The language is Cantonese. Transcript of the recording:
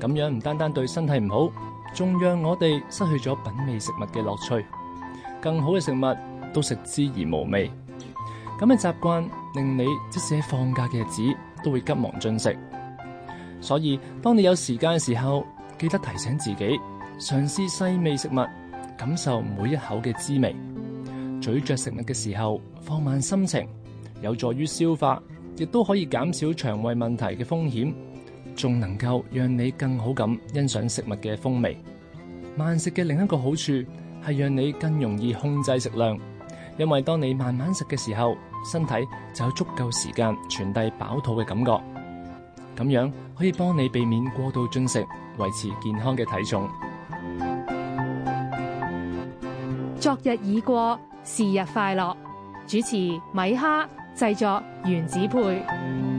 咁樣唔單單對身體唔好，仲讓我哋失去咗品味食物嘅樂趣。更好嘅食物都食之而無味。咁嘅習慣令你即使喺放假嘅日子都會急忙進食。所以當你有時間嘅時候，記得提醒自己嘗試細味食物，感受每一口嘅滋味。咀嚼食物嘅時候放慢心情，有助於消化，亦都可以減少腸胃問題嘅風險。仲能夠讓你更好咁欣賞食物嘅風味。慢食嘅另一個好處係讓你更容易控制食量，因為當你慢慢食嘅時候，身體就有足夠時間傳遞飽肚嘅感覺。咁樣可以幫你避免過度進食，維持健康嘅體重。昨日已過，是日快樂。主持米哈，製作原子配。